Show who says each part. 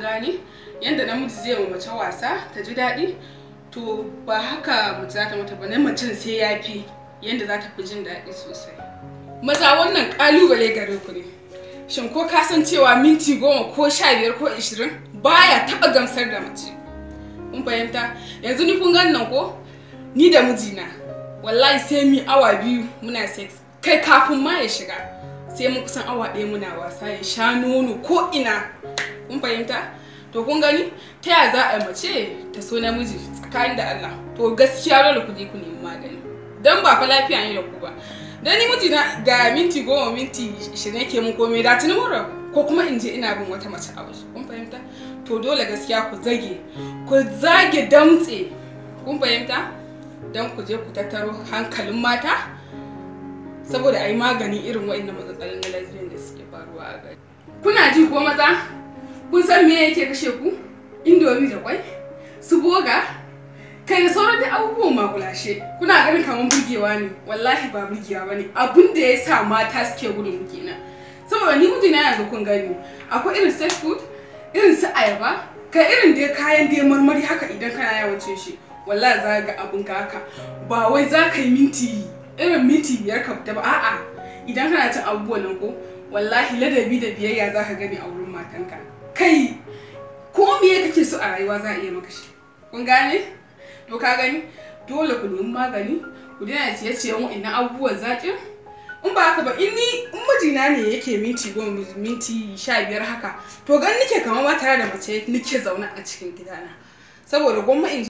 Speaker 1: gane yadda namiji zai wa mace wasa ta ji daɗi to ba haka mace zata ta mata ba na sai ya fi yadda za ta fi jin daɗi sosai maza wannan ƙalubale gare ku ne shin ko ka san cewa minti goma ko sha biyar ko ishirin baya taɓa gamsar da mace kun fahimta yanzu ni kun gan nan ko ni da mijina wallahi sai mi awa biyu muna sex kai kafin ma ya shiga sai mun kusan awa ɗaya muna wasa ya sha nono ko ina kun fahimta to kun gani ta ya za a mace ta so namiji tsakanin da Allah to gaskiya dole ku je ku nemi magani dan ba fa lafiya ne da ku ba dan ni miji na da minti goma minti ne ke mun komai da tuni mura ko kuma in je ina bin wata mace a waje kun fahimta to dole gaskiya ku zage ku zage damtse kun fahimta dan ku je ku tattaro hankalin mata saboda a yi magani irin wa'annan matsatsalin da lesbian da suke faruwa a gari kuna ji ko maza kun san me yake kashe ku indomi da kwai su boga kai da sauran da abubuwan makulashe kuna ganin kamar burgewa ne wallahi ba burgewa bane abun da ya sa mata suke gudun muke kenan saboda ni yana yanzu kun gani akwai irin set food irin su ayaba ka irin da kayan da marmari haka idan kana yawancin shi wallahi za ga abun ka haka ba wai za ka yi minti irin minti biyar ka fita ba a'a idan kana cin abubuwan nan ko wallahi ladabi da biyayya za ka gani a wurin matanka kai ko me kake so a rayuwa za a iya maka shi kun gane to ka gani dole ku nemi magani ku daina ciye ciye wa'annan abubuwan zaƙin in ba haka ba in ni in mijina ne yake minti goma minti sha biyar haka to gan nike kamar ba tare da mace nike zaune a cikin gidana saboda gwamma in